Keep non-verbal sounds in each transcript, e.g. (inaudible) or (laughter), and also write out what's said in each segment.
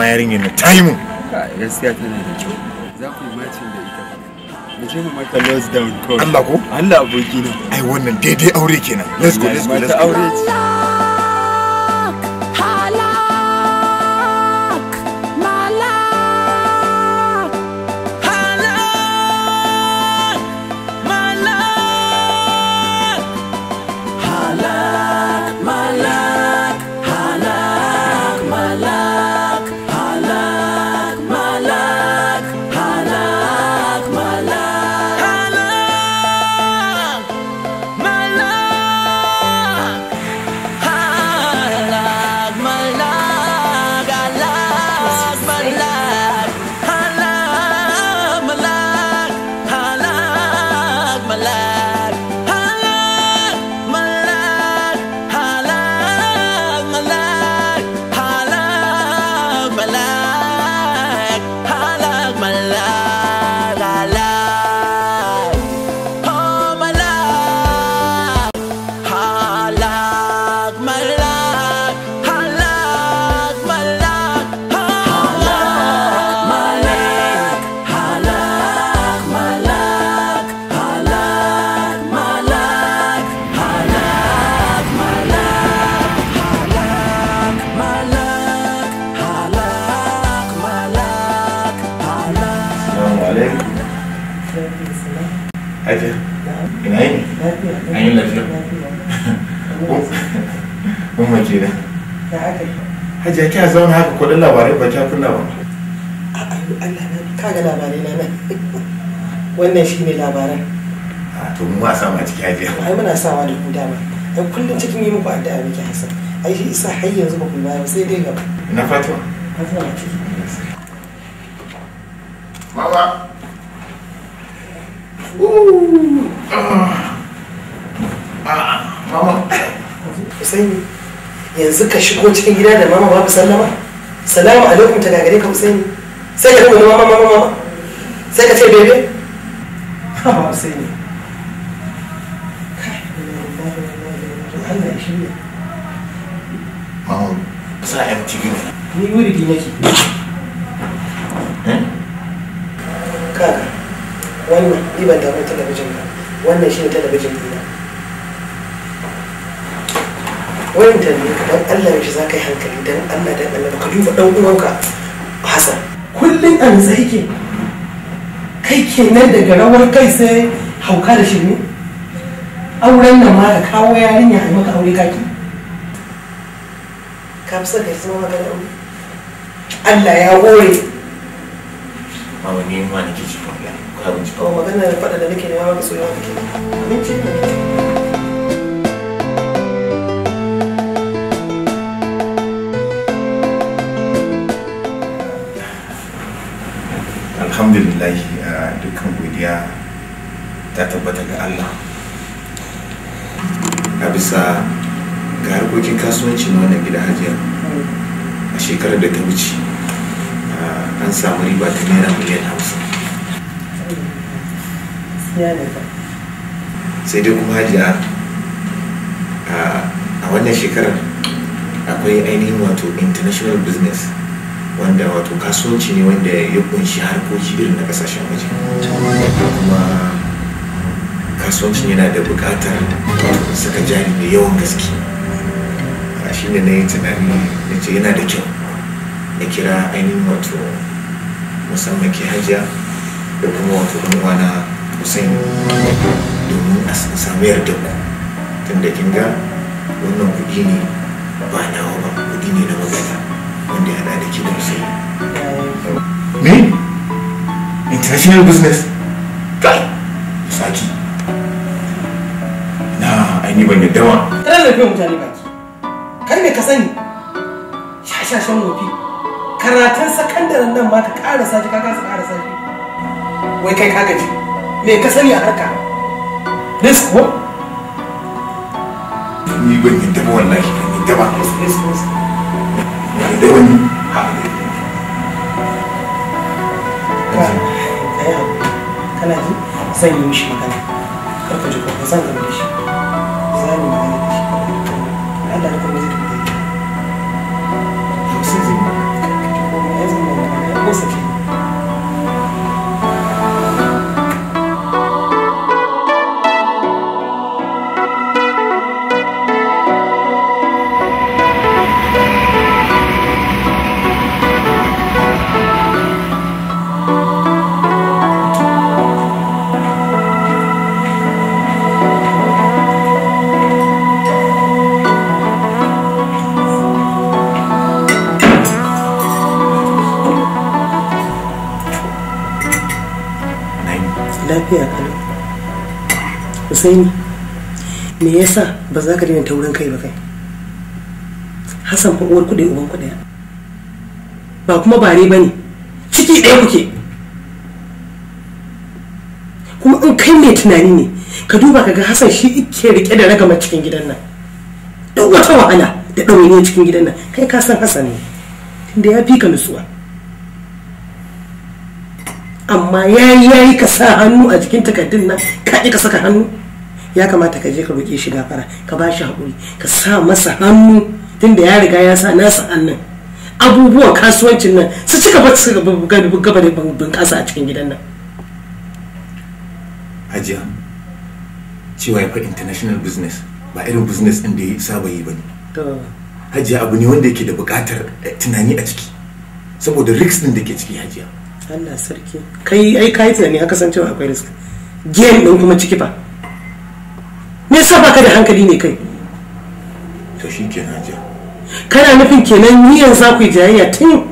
ma yarinyar na ta yi mun mu mu mata Allah ko Allah abokina ai wannan daidai aure kenan let's go let's go let's go hajiya kya zauna haka kudin labarai ba kya kunna ba a'a Allah na kaga labarai na nan wannan ne labaran a to mu ba samu a ciki hajiya ai muna sawa da ku ba ai kullum cikin yi muku addu'a muke hasan ai shi isa har yanzu ba ku ba sai dai gaba na fatima fatima mama Uh, ah, mama. yanzu ka shigo cikin gida da mama babu sallama salamu alaikum ta gagare ka ne sai ka kuma mama mama mama sai ka ce bebe ha ba sa ne. Ni wuri ki nake. Eh? Kaga, wannan ni ban damu talabijin ba. Wannan shi ne talabijin ɗina. wanda da ne dan Allah yaushe za ka yi hankali dan Allah da Allah ka duba dan uwanka Hassan kullum an zaike kai kenan daga rawar kai sai hauka da ne auren nan ma da kawo yarinya a maka aure kaki ka fi son ka zama magana aure Allah ya hore ma ne ma nake ko magana ko abin ko magana da faɗa da nake su maka soyayya kake abinci ne alhamdulillah uh, dukkan godiya ta tabbata ga allah a bisa ga harkokin kasuwanci na gida hajiya a shekarar da ta wuce uh, an samu riba ta naira miliyan hamsin sai dai kuma hajiya uh, a wannan shekarar akwai ainihin wato international business wanda wato kasuwanci ne wanda ya kunshi harkoki irin na kasashen waje kuma kasuwanci yana da bukatar saka jari mai yawan gaske shi ne na yi tunani na ce yana da kyau na kira ainihin wato musamman ke hajiya da kuma wato kuma na kusan domin a samu yarda ku tunda kin ga wannan kuɗi ne ba nawa ba kuɗi ne na magana abin da ya hada da ke da sai me international business kai saki na aini ban yadda ba kana da fiye mutane baki kai ne ka sani shashashan wofi karatun sakandaren nan ma ka ƙara sashi ka kasa ƙara sashi wai kai ka gaji me ka sani a harka this what ni ban yadda ba wallahi ban yadda ba zan yi shi magana karka ji kuma zan gama da shi sai ni me yasa ba za ka daina taurin kai ba kai hassan fa uwar kuɗi uban kuɗi ba kuma bare ba ne ciki ɗaya kuke kuma in kai mai tunani ne ka duba ka ga hasan shi ke rike da ragama cikin gidan nan duk wata wahala da ne cikin gidan nan kai ka san hassan ne tunda ya fi ka nutsuwa amma ya yi ka sa hannu a jikin takardun nan ka ka saka hannu ya kamata ka je ka roƙe shi gafara ka ba shi haƙuri ka sa masa hannu tunda ya riga ya sa nasa hannun abubuwan kasuwancin nan su ci gaba su gaba da bunƙasa a cikin gidan nan hajiya cewa ya fa international business ba irin business ɗin da ya saba yi ba ne hajiya abu ne wanda yake da buƙatar eh, tunani a ciki saboda risk ɗin da ke ciki hajiya Allah sarki kai ai kai tunani haka san cewa akwai risk game ɗin kuma ciki ba me yasa baka da hankali ne kai to shi kenan ja kana nufin kenan ni yanzu ku jayayya tun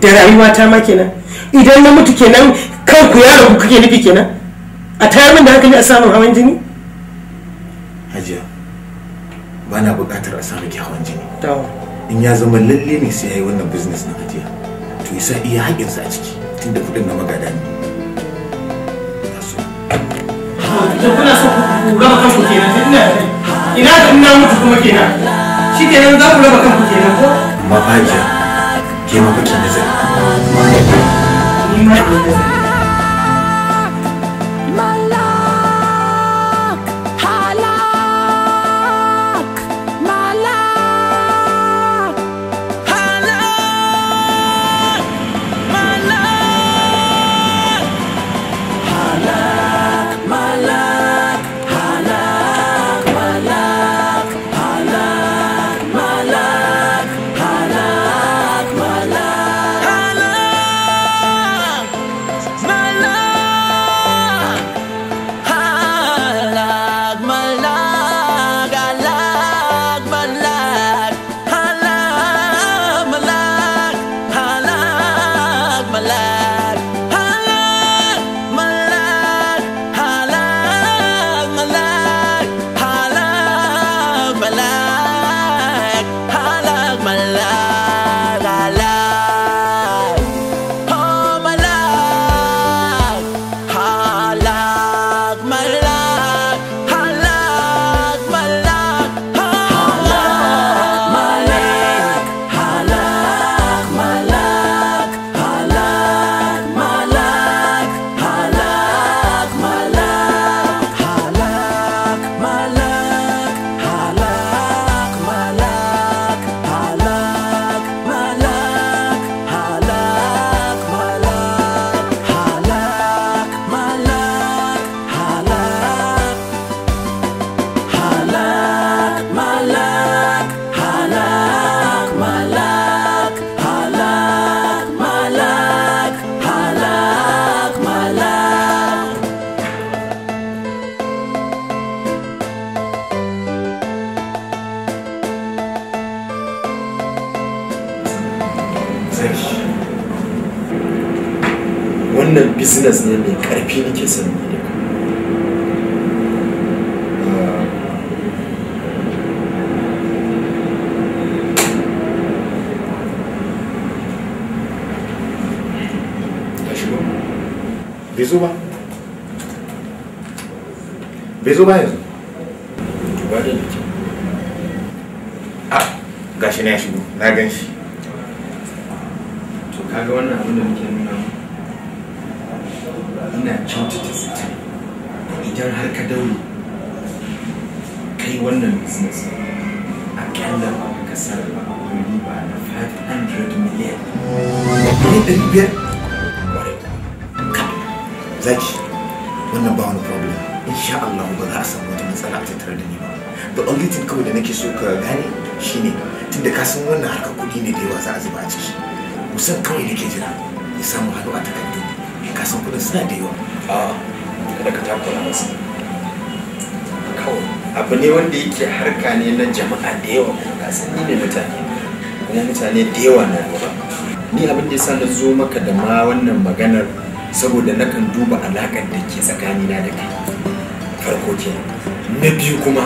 da rayuwa ta ma kenan idan na mutu kenan kanku yaro ku kake nufi kenan a tayar min da hankali a samun hawan jini hajiya ba na buƙatar a samu hawan jini in ya zama lalle ne sai ya yi wannan business na hajiya to yasa iya haƙinsa a ciki tun da kuɗin na magada ne to kuna so ku raba kanku kenan ta ina ina da ina mutu kuma kenan shi kenan za ku raba kanku kenan ko amma fajiya ke ma kuke nazari ni ma ke bai zo ba yanzu a gashi na ya shigo na gan shi to kaga wannan abin da muke nuna ina kyautata zata idan har ka daure kai wannan business akalla ka sarrafa akwai ba na 500 miliyan ne ɗari biyar zaki wannan ba wani problem insha Allah ba za a samu wata matsala a tare da ni ba the only thing kawai da nake so ka gane shine tunda ka san wannan harkar kuɗi ne da yawa za a zuba a ciki musan kawai nake jira ya samu hannu a takardu ka san kudin suna da yawa a da ka takura masa kawai abu ne wanda yake harka ne na jama'a da yawa kuma ka san ni ne mutane kuma mutane da yawa na gaba ni abin da yasa na zo maka da ma wannan maganar saboda nakan duba alaƙar da ke tsakanina da kai farko ke na biyu kuma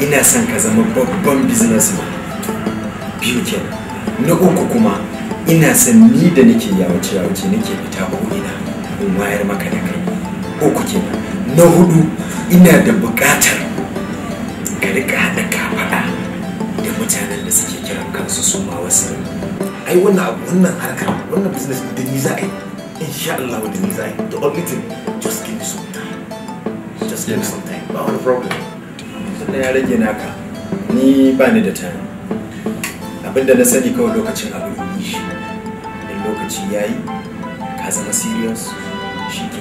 ina son ka zama babban businessman biyu ke na uku kuma ina son ni da nake yawace yawace nake fita ko ina in wayar maka da kai uku ke na hudu ina da buƙatar ka rika haɗa kafaɗa da mutanen da suke kiran kansu su ma wasu ai wannan abu wannan harkar wannan business da ni za a yi insha Allah da ni za a yi the only sleep sometime ba wani problem sannan ya rage naka ni ba ni da time abinda na sani kawai lokacin abu yi shi idan lokaci ya yi ka zama serious shi ke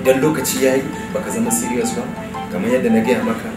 idan lokaci ya yi ba ka zama serious ba kamar yadda na gaya maka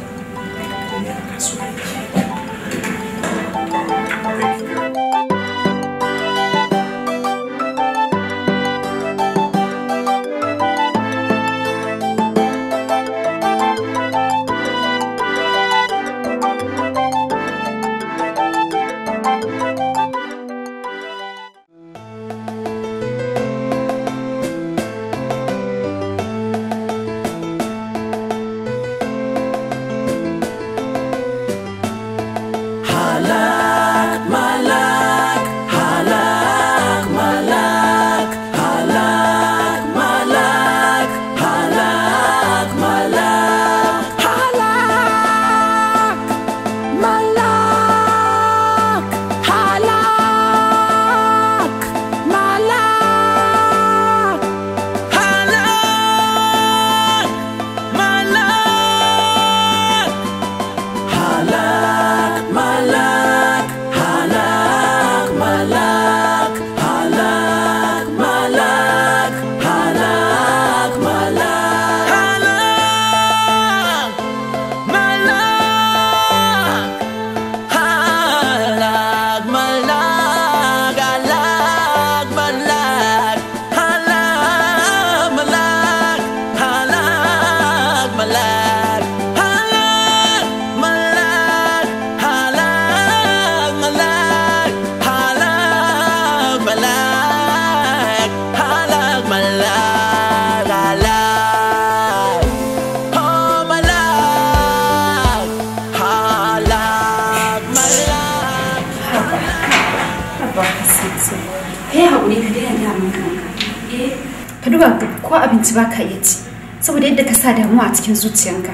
ko abinci ba ka iya ci saboda yadda ka sa damuwa a cikin zuciyanka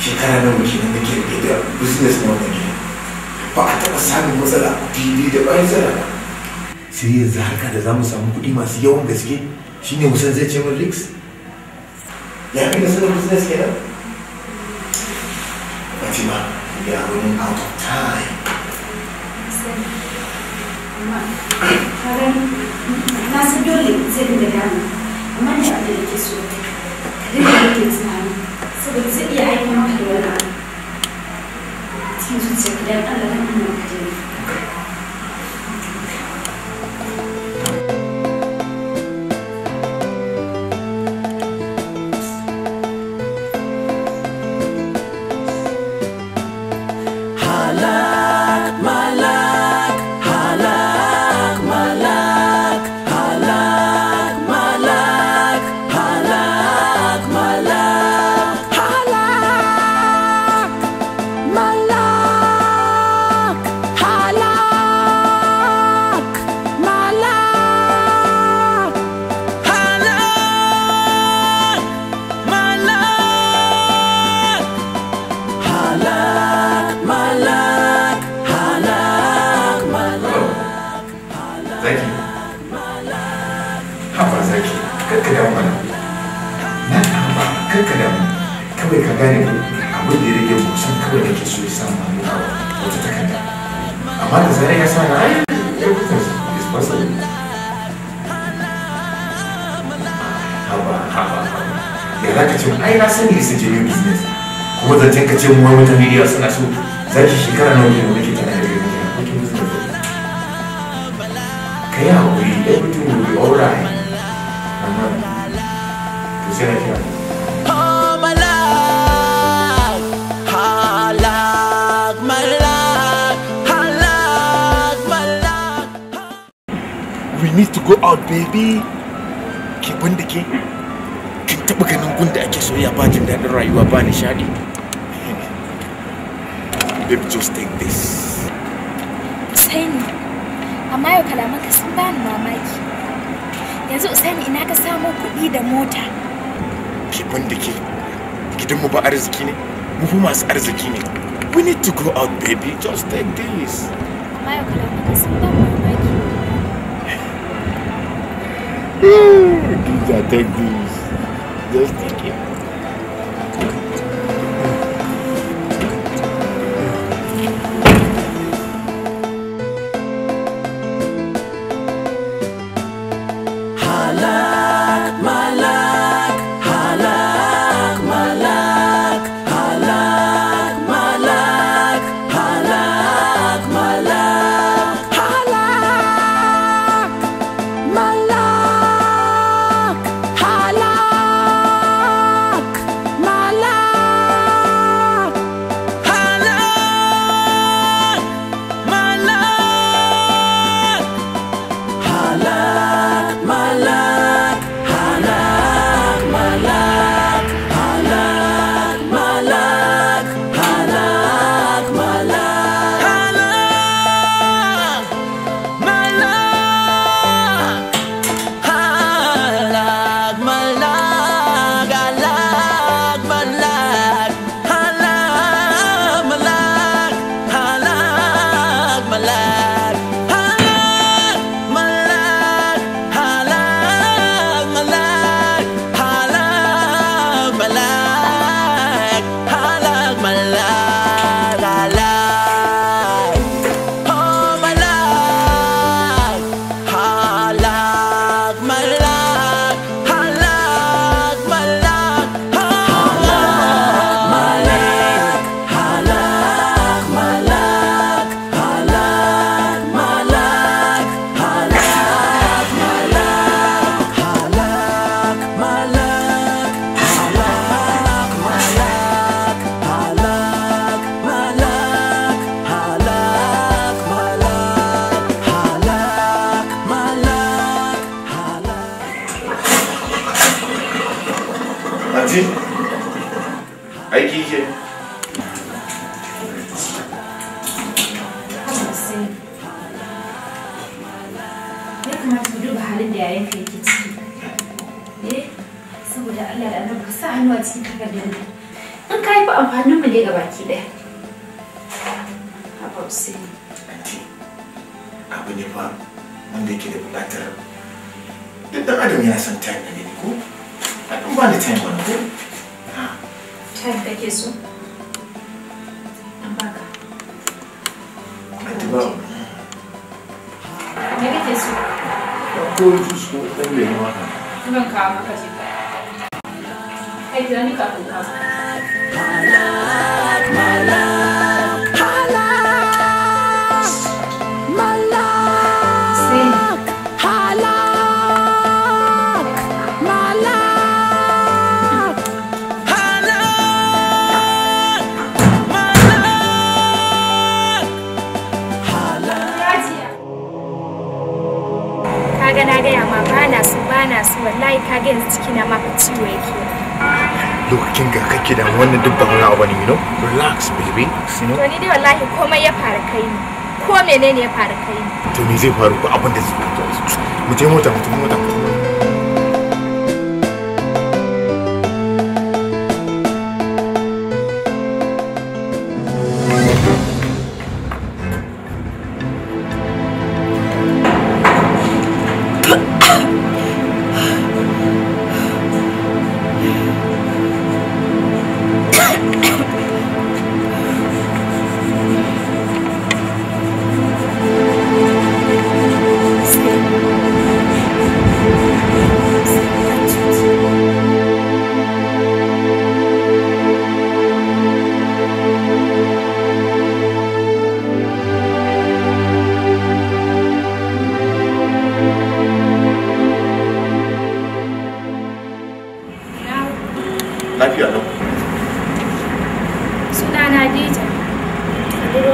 shekara na mashi na nake rike da business na wannan gida ba a taɓa samun matsala a fili da bayan zara ba sai yanzu haka da zamu samu kuɗi masu yawan gaske shine musan zai ce min risk ya fi da sanar business kenan fatima ya wani out of time na san dole zai dinga ke iya ce mu wai wata bidiyo suna so zaki shekara na wuce nake tana da gani kenan kake musu da kuɗi kai hakuri everything will be amma to sai na kira We need to go out, baby. Keep on the key. kin taɓa ganin gun da ake soyayya ba jin daɗin rayuwa ba nishaɗi Baby, just take this. Usaini, amma yau kalamanka sun bani mamaki. Yanzu Usaini ina ka samo kuɗi da mota. Ki da ke, gidanmu ba arziki ne, mu fi masu arziki ne. We need to go out, baby. Just take this. Amma yau kalamanka sun bani mamaki. Please, (laughs) take this. Just take it. abu ne ba wanda yake da bukatar duk dan adam yana son time ne ko a ɗan ba ni time wani ko time kake so an ba me kake so ko My life, my love. wallahi ka ga yanzu ciki na ma fa ciwo yake lokacin ga kake da wannan wani abu ne you know relax baby you know ni dai wallahi komai ya fara kai ni ko menene ya fara kai ni to me zai faru ko abin da zai faru mu je mota mu je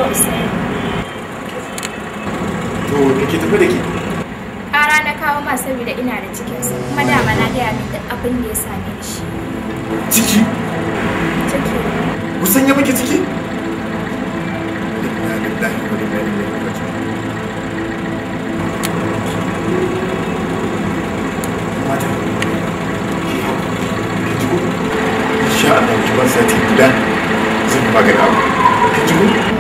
To da ke tafi da ke? Kara na kawo ma saboda ina da cikinsa kuma dama na gaya min duk abin da ya same shi. Ciki? Ciki. Kusan ya baki ciki? Mata, ki hau, ki jigo, insha Allah ki ban sati guda zan magana abu, ki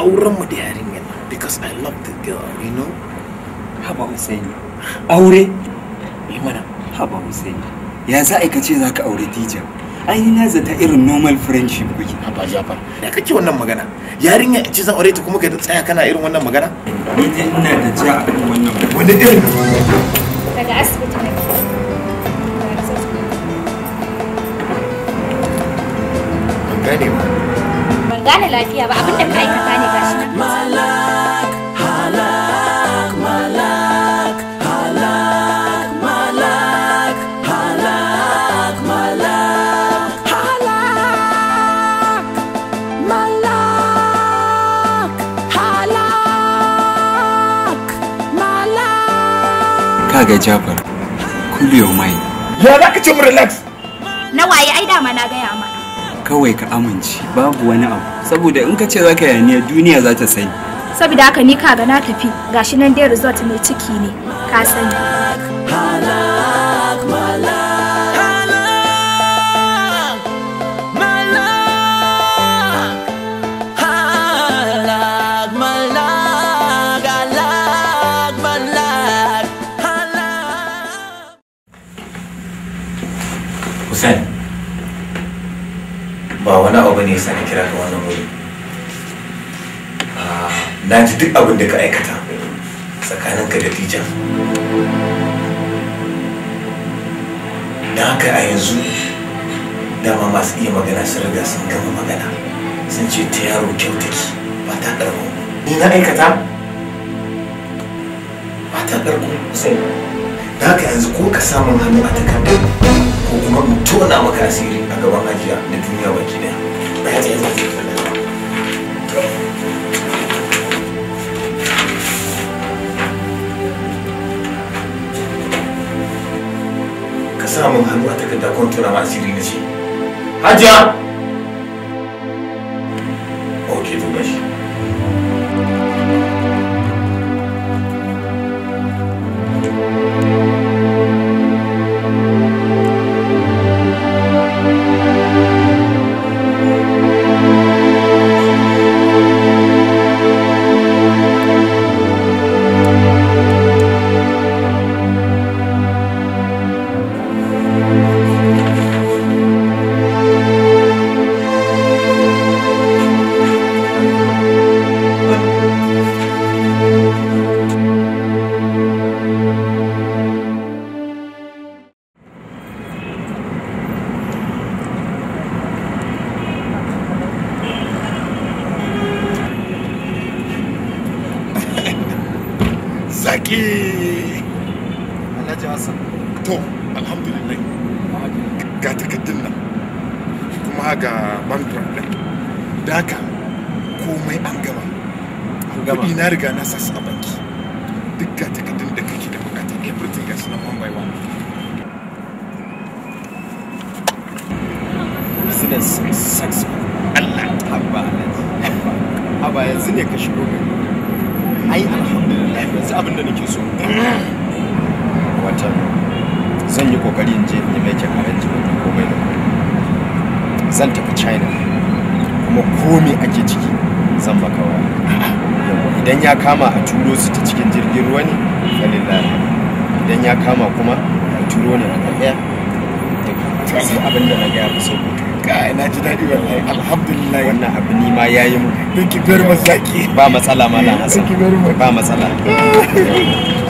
auren mu da yarinyar because I love the girl you know haba Husaini aure yi mana haba Husaini ya za a ce za ka aure Dija ai na zata irin normal friendship kuke haba Jafar da kake wannan magana yarinya ce zan aure ta kuma ka tsaya kana irin wannan magana ni ina da ja a wannan wani irin daga asibiti bani lafiya ba abin da ka ne gashi nan malak halak malak halak malak halak malak halak malak halak malak kaga jafar kuliyo mai ya zaka ce mu relax na waye ai dama na ga kawai ka amince babu wani abu saboda in ka ce za ka yaniya duniya za ta sani saboda haka ni ka ga na tafi gashi nan dai resort mai ciki ne ka sani ba wani abu ne sani kira ka wannan wuri ah, na ji duk abin da ka aikata tsakanin ka da tijan na haka a yanzu dama masu iya magana sun riga sun gama magana sun ce ta yaro kyautaki ba ta ƙarko ni na aikata ba ta ƙarko sai da haka yanzu ko ka samun hannu a takardar ko kuma mu tona maka asiri gaban ajiya da duniya baki daya ka sa min hannu a takarda kwantura ma asiri na ce hajiya Alhaji Hassan. To, alhamdulillah. Ga takardun nan. Kuma ga bankran Da haka komai an gama. Kuɗi na riga na sasa a banki. Duk ga takardun da kake da bukata everything ga sunan one by one. Business successful. Allah. Habba Alhaji. yanzu ne ka shigo Ai alhamdulillah. yanzu abin da nake so watan zan yi kokari in je in yi making arrangement da komai da komai zan tafi china kuma komai ake ciki zan maka waya idan ya kama a turo su ta cikin jirgin ruwa ne falillah idan ya kama kuma a turo ne a ɗaya duk abin da na gaya fi sauƙi ka ina ji daɗi wallahi alhamdulillah wannan abu ni ma yayi mu thank you very much zaki ba matsala malam hasan ba matsala (laughs)